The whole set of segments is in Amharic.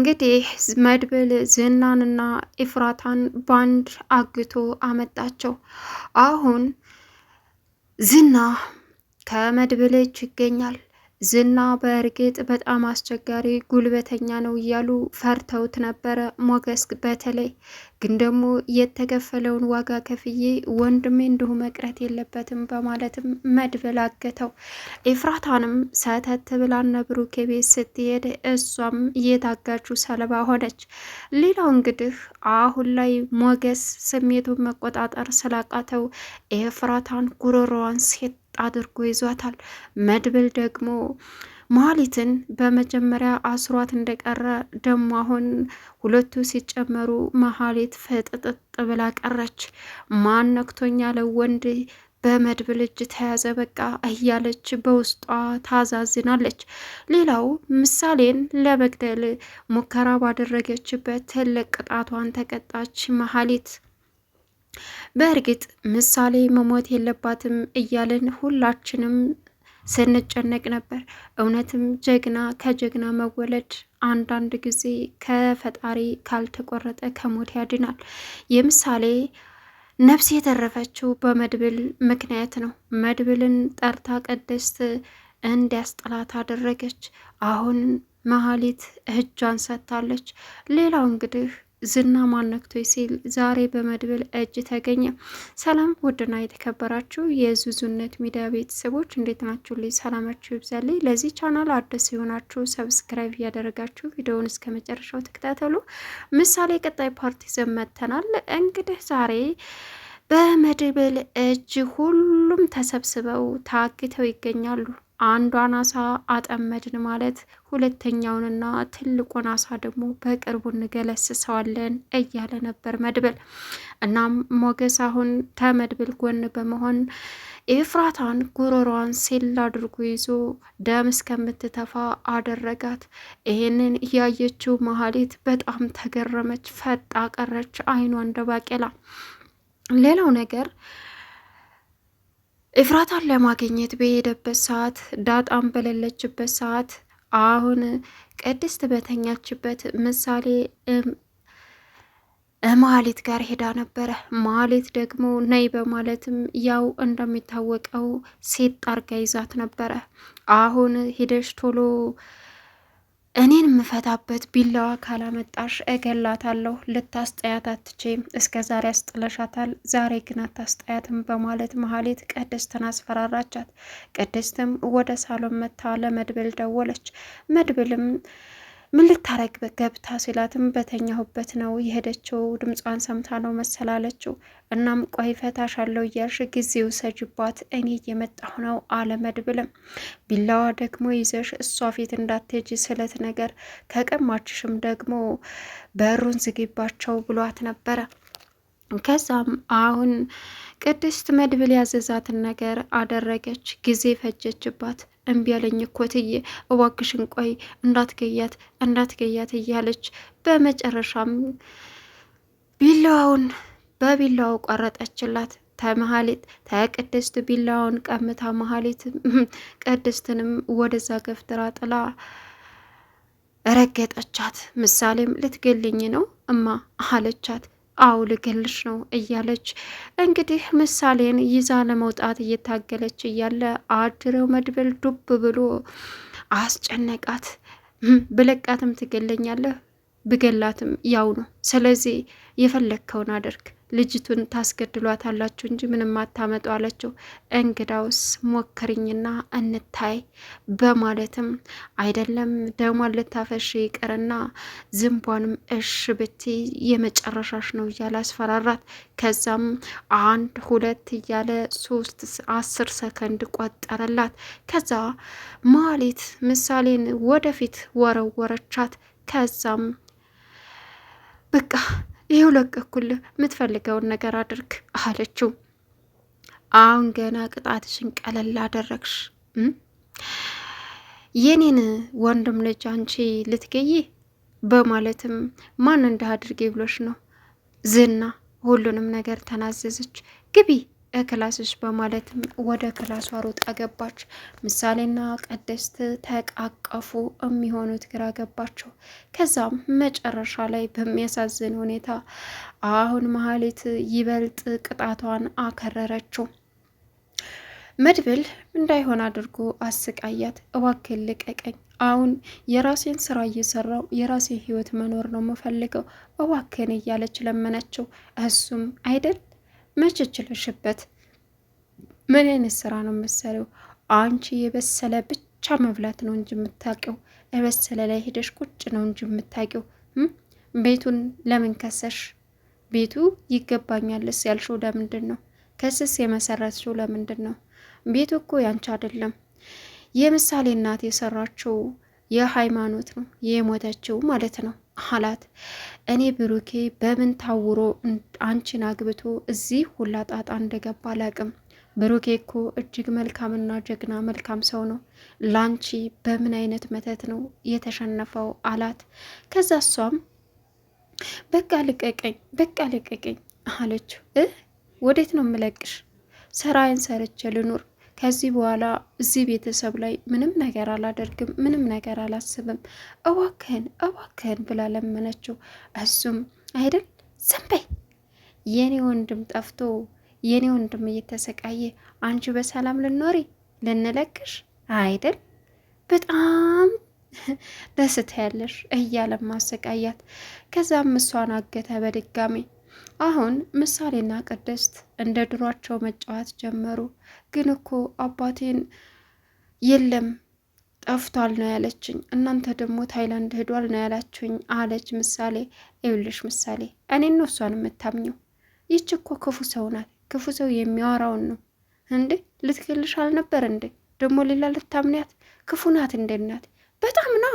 እንግዲህ መድብል ዝናንና ኢፍራታን ባንድ አግቶ አመጣቸው። አሁን ዝና ከመድብል እጅ ይገኛል። ዝና በእርግጥ በጣም አስቸጋሪ ጉልበተኛ ነው እያሉ ፈርተውት ነበረ። ሞገስ በተለይ ግን ደግሞ የተከፈለውን ዋጋ ከፍዬ ወንድሜ እንዲሁ መቅረት የለበትም በማለትም መድብል አገተው። ኤፍራታንም ሰተት ብላን ነብሩ ከቤት ስትሄድ እሷም የታጋቹ ሰለባ ሆነች። ሌላው እንግዲህ አሁን ላይ ሞገስ ስሜቱን መቆጣጠር ስላቃተው ኤፍራታን ጉሮሮዋን ሴት አድርጎ ይዟታል። መድብል ደግሞ መሀሊትን በመጀመሪያ አስሯት እንደቀረ ደሞ አሁን ሁለቱ ሲጨመሩ መሀሊት ፈጥጥጥ ብላ ቀረች። ማን ነክቶኛል ወንድ በመድብል እጅ ተያዘ በቃ እያለች በውስጧ ታዛዝናለች። ሌላው ምሳሌን ለመግደል ሙከራ ባደረገችበት ትልቅ ቅጣቷን ተቀጣች መሀሊት በእርግጥ ምሳሌ መሞት የለባትም እያልን ሁላችንም ስንጨነቅ ነበር። እውነትም ጀግና ከጀግና መወለድ አንዳንድ ጊዜ ከፈጣሪ ካልተቆረጠ ከሞት ያድናል። የምሳሌ ነፍስ የተረፈችው በመድብል ምክንያት ነው። መድብልን ጠርታ ቅድስት እንዲያስጥላት አደረገች። አሁን መሀሊት እጇን ሰጥታለች። ሌላው እንግዲህ ዝና ማነክቶ ሲል ዛሬ በመድብል እጅ ተገኘ። ሰላም ውድና የተከበራችሁ የዙዙነት ሚዲያ ቤተሰቦች እንዴት ናችሁ? ልይ ሰላማችሁ ይብዛልኝ። ለዚህ ቻናል አዲስ የሆናችሁ ሰብስክራይብ እያደረጋችሁ ቪዲዮውን እስከ መጨረሻው ተከታተሉ። ምሳሌ ቀጣይ ፓርቲ ዘመተናል። እንግዲህ ዛሬ በመድብል እጅ ሁሉም ተሰብስበው ታግተው ይገኛሉ። አንዷን አሳ አጠመድን ማለት ሁለተኛውንና ትልቁን አሳ ደግሞ በቅርቡ እንገለስሰዋለን እያለ ነበር መድብል። እናም ሞገስ አሁን ተመድብል ጎን በመሆን ኤፍራታን ጉሮሯን ሴል አድርጎ ይዞ ደም እስከምትተፋ አደረጋት። ይህንን እያየችው መሀሌት በጣም ተገረመች፣ ፈጣ ቀረች፣ አይኗ እንደ ባቄላ። ሌላው ነገር ኤፍራታን ለማግኘት በሄደበት ሰዓት ዳጣም በሌለችበት ሰዓት አሁን ቅድስት በተኛችበት ምሳሌ ማሌት ጋር ሄዳ ነበረ። ማሌት ደግሞ ነይ በማለትም ያው እንደሚታወቀው ሴት ጣርጋ ይዛት ነበረ። አሁን ሂደሽ ቶሎ እኔን የምፈታበት ቢላዋ ካላመጣሽ እገላታለሁ፣ ልታስጠያት አትቼ እስከ ዛሬ አስጥለሻታል፣ ዛሬ ግን አታስጠያትም በማለት መሀሌት ቅድስትን አስፈራራቻት። ቅድስትም ወደ ሳሎን መታ ለመድብል ደወለች። መድብልም ምን ልታረግ ገብታ ሲላትም በተኛሁበት ነው የሄደችው፣ ድምጿን ሰምታ ነው መሰላለችው። እናም ቆይ ፈታሽ አለው እያልሽ ጊዜው ሰጅባት እኔ እየመጣሁ ነው አለ መድብልም። ቢላዋ ደግሞ ይዘሽ እሷ ፊት እንዳትሄጂ ስለት ነገር ከቀማችሽም ደግሞ በሩን ዝግባቸው ብሏት ነበረ። ከዛም አሁን ቅድስት መድብል ያዘዛትን ነገር አደረገች። ጊዜ ፈጀችባት። እምቢ ያለኝ እኮትዬ እዋክሽን ቆይ እንዳትገያት እንዳትገያት እያለች በመጨረሻም ቢላዋውን በቢላው ቆረጠችላት። ተመሀሊት ተቅድስት ቢላዋውን ቀምታ መሀሊት ቅድስትንም ወደዛ ገፍትራ ጥላ ረገጠቻት። ምሳሌም ልትገልኝ ነው እማ አለቻት። አው ልገልሽ ነው እያለች እንግዲህ ምሳሌን ይዛ ለመውጣት እየታገለች እያለ አድረው መድብል ዱብ ብሎ አስጨነቃት። ብለቃትም ትገለኛለህ፣ ብገላትም ያው ነው። ስለዚህ የፈለግከውን አድርግ ልጅቱን ታስገድሏታላችሁ እንጂ ምንም አታመጡ አለችው። እንግዳውስ ሞክርኝና እንታይ በማለትም አይደለም ደሟን ልታፈሽ ይቅርና ዝንቧንም እሽ ብቲ የመጨረሻሽ ነው እያለ አስፈራራት። ከዛም አንድ ሁለት እያለ ሶስት አስር ሰከንድ ቆጠረላት። ከዛ ማሊት ምሳሌን ወደፊት ወረወረቻት። ከዛም በቃ ይኸው ለቀኩልህ፣ የምትፈልገውን ነገር አድርግ አለችው። አሁን ገና ቅጣትሽን ቀለል አደረግሽ። የኔን ወንድም ልጅ አንቺ ልትገይ በማለትም ማን እንደ አድርጌ ብሎሽ ነው ዝና ሁሉንም ነገር ተናዘዘች። ግቢ ክላስሽ በማለትም ወደ ክላሷ ሮጣ ገባች። ምሳሌና ቅድስት ተቃቀፉ። የሚሆኑት ግራ ገባቸው። ከዛም መጨረሻ ላይ በሚያሳዝን ሁኔታ አሁን መሀሊት ይበልጥ ቅጣቷን አከረረችው። መድብል እንዳይሆን አድርጎ አስቃያት። እባክህን ልቀቀኝ፣ አሁን የራሴን ስራ እየሰራው የራሴን ህይወት መኖር ነው የምፈልገው፣ እባክህን እያለች ለመነችው። እሱም አይደል መቼ ችለሽበት ምን አይነት ስራ ነው የምትሰሪው? አንቺ የበሰለ ብቻ መብላት ነው እንጂ የምታውቂው፣ የበሰለ ላይ ሄደሽ ቁጭ ነው እንጂ የምታውቂው። ቤቱን ለምን ከሰሽ? ቤቱ ይገባኛልስ ያልሽው ለምንድን ነው? ከስስ የመሰረትሽው ለምንድን ነው? ቤቱ እኮ ያንቺ አይደለም። የምሳሌ እናት የሰራችው የሃይማኖት ነው የሞተችው ማለት ነው። አላት። እኔ ብሩኬ በምን ታውሮ አንቺን አግብቶ እዚህ ሁላ ጣጣ እንደገባ አላቅም። ብሩኬ እኮ እጅግ መልካምና ጀግና መልካም ሰው ነው። ላንቺ በምን አይነት መተት ነው የተሸነፈው? አላት። ከዛ እሷም በቃ ልቀቀኝ፣ በቃ ልቀቀኝ አለችው። ወዴት ነው ምለቅሽ? ስራዬን ሰርቼ ልኑር ከዚህ በኋላ እዚህ ቤተሰብ ላይ ምንም ነገር አላደርግም፣ ምንም ነገር አላስብም፣ እባክህን እባክህን ብላ ለመነችው። እሱም አይደል ዝም በይ የኔ ወንድም ጠፍቶ የኔ ወንድም እየተሰቃየ አንቺ በሰላም ልኖሪ ልንለክሽ አይደል በጣም ደስታ ያለሽ እያለ ማሰቃያት። ከዛም እሷን አገተ በድጋሜ አሁን ምሳሌና ቅድስት እንደ ድሯቸው መጫወት ጀመሩ። ግን እኮ አባቴን የለም ጠፍቷል ነው ያለችኝ። እናንተ ደግሞ ታይላንድ ሄዷል ነው ያላችሁኝ አለች ምሳሌ። ይኸውልሽ ምሳሌ እኔ ነው እሷን የምታምኘው? ይች እኮ ክፉ ሰው ናት። ክፉ ሰው የሚያወራውን ነው እንዴ? ልትክልሽ አልነበር እንዴ? ደግሞ ሌላ ልታምንያት? ክፉ ናት እንዴ? ናት በጣም ና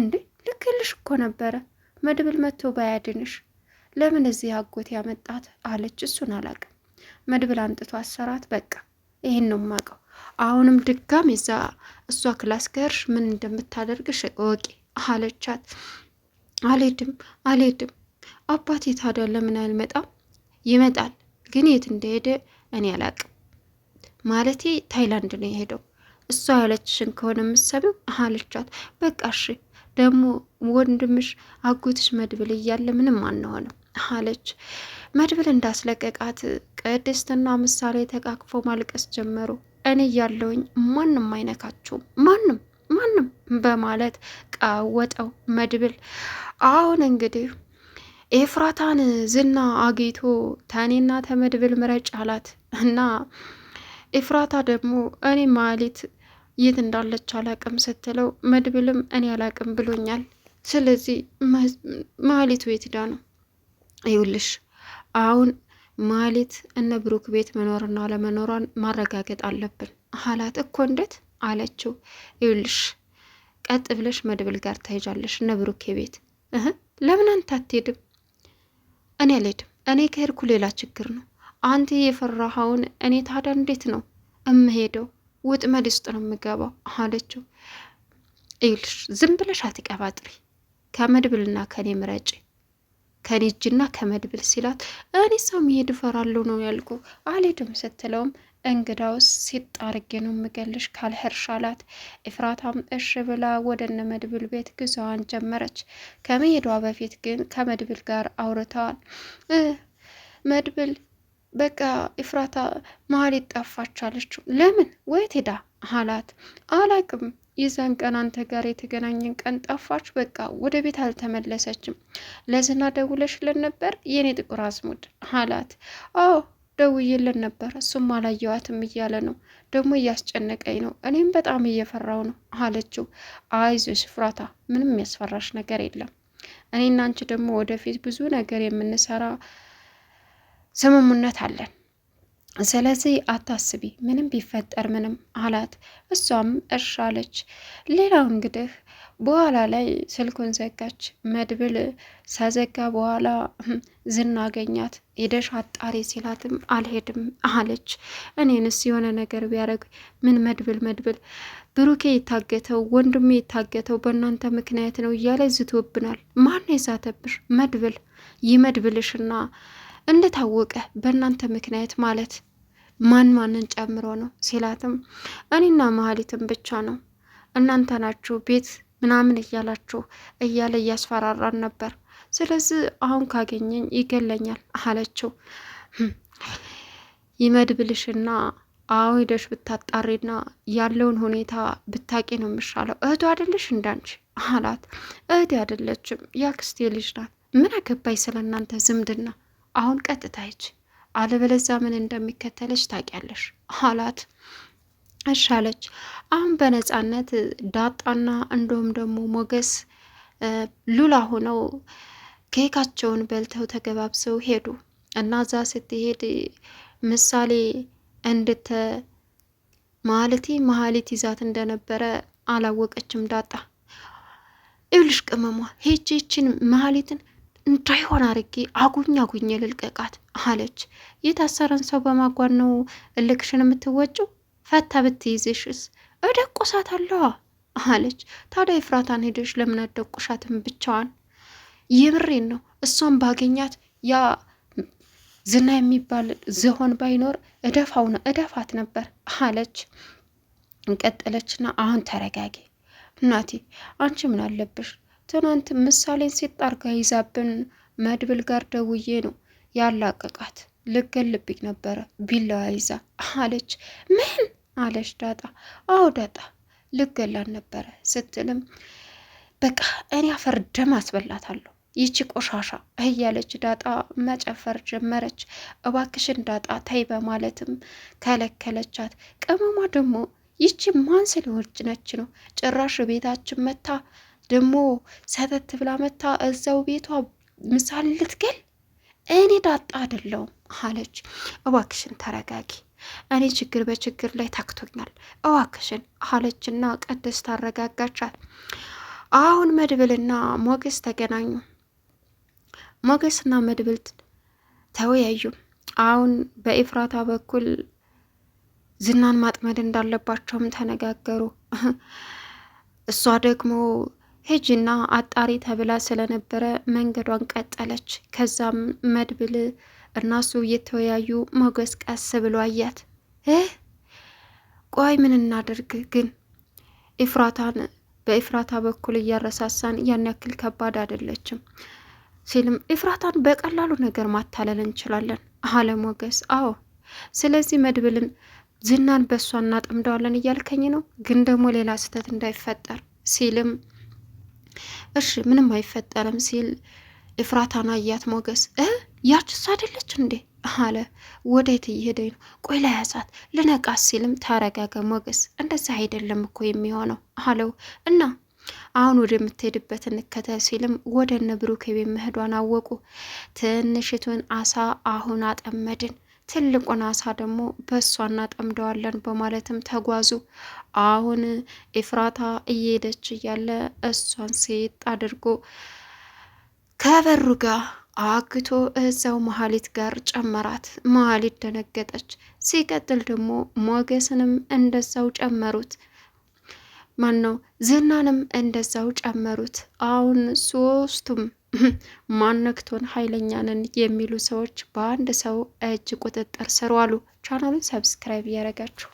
እንዴ ልክልሽ እኮ ነበረ መድብል መጥቶ ባያድንሽ ለምን እዚህ አጎት ያመጣት አለች። እሱን አላቅም መድብል አምጥቶ አሰራት። በቃ ይህን ነው ማቀው። አሁንም ድጋም የዛ እሷ ክላስ ከርሽ ምን እንደምታደርግሽ ወቂ አለቻት። አልሄድም አልሄድም። አባቴ ታዲያ ለምን አልመጣም? ይመጣል ግን የት እንደሄደ እኔ አላቅም። ማለቴ ታይላንድ ነው የሄደው። እሷ ያለችሽን ከሆነ የምትሰቢው አለቻት። በቃ እሺ ደግሞ ወንድምሽ አጎትሽ መድብል እያለ ምንም አንሆንም አለች። መድብል እንዳስለቀቃት ቅድስትና ምሳሌ ተቃቅፎ ማልቀስ ጀመሩ። እኔ ያለውኝ ማንም አይነካችሁም፣ ማንም ማንም በማለት ቀወጠው መድብል። አሁን እንግዲህ ኤፍራታን ዝና አግኝቶ ተኔና ተመድብል ምረጭ አላት እና ኤፍራታ ደግሞ እኔ ማሊት የት እንዳለች አላቅም ስትለው፣ መድብልም እኔ አላቅም ብሎኛል። ስለዚህ ማሊቱ የትዳ ነው ይውልሽ አሁን ማሌት እነ ብሩክ ቤት መኖርና ለመኖሯን ማረጋገጥ አለብን አላት። እኮ እንዴት አለችው። ይውልሽ ቀጥ ብለሽ መድብል ጋር ትሄጃለሽ እነ ብሩክ ቤት። ለምን አንተ አትሄድም? እኔ አልሄድም። እኔ ከሄድኩ ሌላ ችግር ነው። አንተ የፈራኸውን እኔ ታዲያ እንዴት ነው እምሄደው? ውጥመድ ውስጥ ነው የምገባው አለችው። ይውልሽ ዝም ብለሽ አትቀባጥሪ፣ ከመድብልና ከኔ ምረጭ ከኔ እጅና ከመድብል ሲላት እኔ ሰው መሄድ እፈራለሁ ነው ያልኩ አልሄድም ስትለውም እንግዳውስ ሲጥ አርጌ ነው የምገልሽ ካልሄድሽ አላት። ኤፍራታም እሽ ብላ ወደ እነ መድብል ቤት ጉዞዋን ጀመረች። ከመሄዷ በፊት ግን ከመድብል ጋር አውርተዋል። መድብል በቃ ኤፍራታ መሀል ይጠፋቻለች ለምን ወይት ሄዳ አላት። አላቅም ይዘን ቀን አንተ ጋር የተገናኘን ቀን ጠፋች። በቃ ወደ ቤት አልተመለሰችም። ለዝና ደውለሽልን ነበር የኔ ጥቁር አዝሙድ አላት። አዎ ደውዬልን ነበር፣ እሱም አላየዋትም እያለ ነው። ደግሞ እያስጨነቀኝ ነው፣ እኔም በጣም እየፈራው ነው አለችው። አይዞሽ ፍራታ፣ ምንም ያስፈራሽ ነገር የለም። እኔና አንቺ ደግሞ ወደፊት ብዙ ነገር የምንሰራ ስምምነት አለን ስለዚህ አታስቢ፣ ምንም ቢፈጠር ምንም አላት። እሷም እርሻ አለች። ሌላው እንግዲህ በኋላ ላይ ስልኩን ዘጋች። መድብል ሳዘጋ በኋላ ዝና አገኛት። ሄደሽ አጣሪ ሲላትም አልሄድም አለች። እኔንስ የሆነ ነገር ቢያደርግ ምን መድብል መድብል ብሩኬ የታገተው ወንድሜ የታገተው በእናንተ ምክንያት ነው እያለ ዝቶብናል። ማን የዛተብሽ መድብል ይመድብልሽና እንደታወቀ በእናንተ ምክንያት ማለት ማን ማንን ጨምሮ ነው ሲላትም እኔና መሀሊትም ብቻ ነው እናንተ ናችሁ ቤት ምናምን እያላችሁ እያለ እያስፈራራን ነበር። ስለዚህ አሁን ካገኘኝ ይገለኛል አለችው። hm፣ ይመድብልሽና አሁን ሄደሽ ብታጣሪና ያለውን ሁኔታ ብታቂ ነው የምሻለው። እህቱ አይደለሽ እንዳንቺ አላት። እህቴ አይደለችም፣ ያክስቴ ልጅ ናት። ምን አገባኝ ስለ እናንተ ዝምድና አሁን ቀጥታ ሂጅ፣ አለበለዚያ ምን እንደሚከተለች ታውቂያለሽ አላት። እሻለች አሁን በነፃነት ዳጣና እንዲሁም ደግሞ ሞገስ ሉላ ሆነው ኬካቸውን በልተው ተገባብሰው ሄዱ እና እዛ ስትሄድ ምሳሌ እንድተ ማለቲ መሀሊት ይዛት እንደነበረ አላወቀችም ዳጣ ይብልሽ ቅመሟ ሄቼችን መሀሊትን እንዳይሆን አርጌ አጉኝ አጉኝ ልልቀቃት አለች። የታሰረን ሰው በማጓን ነው እልክሽን የምትወጪው? ፈታ ብትይዝሽስ እደቁሳት አለዋ አለች። ታዲያ የፍራታን ሄደሽ ለምን አደቁሻትም? ብቻዋን የምሬን ነው። እሷን ባገኛት ያ ዝና የሚባል ዝሆን ባይኖር እደፋው እደፋት ነበር አለች። እንቀጠለችና አሁን ተረጋጊ እናቴ፣ አንቺ ምን አለብሽ ትናንት ምሳሌን ሲጣርጋ ይዛብን መድብል ጋር ደውዬ ነው ያላቀቃት ልገልብኝ ነበረ ቢላዋ ይዛ አለች። ምን አለች ዳጣ? አዎ ዳጣ ልገላን ነበረ ስትልም በቃ እኔ አፈር ደም አስበላታለሁ ይቺ ቆሻሻ እያለች ዳጣ መጨፈር ጀመረች። እባክሽን ዳጣ ታይ በማለትም ከለከለቻት። ቅመሟ ደግሞ ይቺ ማን ስለሆነች ነው ጭራሽ ቤታችን መታ ደግሞ ሰተት ብላ መታ እዛው ቤቷ ምሳሌ ልትገል እኔ ዳጣ አይደለሁም አለች። እባክሽን ተረጋጊ፣ እኔ ችግር በችግር ላይ ታክቶኛል፣ እባክሽን አለችና ቅድስት ታረጋጋቻል። አሁን መድብልና ሞገስ ተገናኙ። ሞገስና መድብል ተወያዩ። አሁን በኢፍራታ በኩል ዝናን ማጥመድ እንዳለባቸውም ተነጋገሩ። እሷ ደግሞ ሄጂና አጣሪ ተብላ ስለነበረ መንገዷን ቀጠለች። ከዛም መድብል እናሱ እየተወያዩ ሞገስ ቀስ ብሎ አያት። ቆይ ምን እናደርግ ግን ኢፍራታን በኢፍራታ በኩል እያረሳሳን ያን ያክል ከባድ አይደለችም ሲልም ኢፍራታን በቀላሉ ነገር ማታለል እንችላለን አለ ሞገስ። አዎ ስለዚህ መድብልን ዝናን በእሷ እናጠምደዋለን እያልከኝ ነው፣ ግን ደግሞ ሌላ ስህተት እንዳይፈጠር ሲልም እሺ ምንም አይፈጠርም ሲል ኤፍራታና አያት ሞገስ እ ያች እሷ አይደለች እንዴ አለ። ወዴት እየሄደኝ ነው? ቆይ ለያዛት ልነቃት ሲልም ተረጋጋ ሞገስ፣ እንደዛ አይደለም እኮ የሚሆነው አለው እና አሁን ወደምትሄድበት እንከተል ሲልም ወደ እነ ቤት መሄዷን አወቁ። ትንሽቱን አሳ አሁን አጠመድን፣ ትልቁን አሳ ደግሞ በእሷ እናጠምደዋለን በማለትም ተጓዙ። አሁን ኤፍራታ እየሄደች እያለ እሷን ሴት አድርጎ ከበሩ ጋር አግቶ እዛው መሀሊት ጋር ጨመራት። መሀሊት ደነገጠች። ሲቀጥል ደግሞ ሞገስንም እንደዛው ጨመሩት። ማን ነው ዝናንም እንደዛው ጨመሩት። አሁን ሶስቱም ማነክቶን ኃይለኛ የሚሉ ሰዎች በአንድ ሰው እጅ ቁጥጥር ስር ዋሉ። ቻናሉን ሰብስክራይብ እያረጋችሁ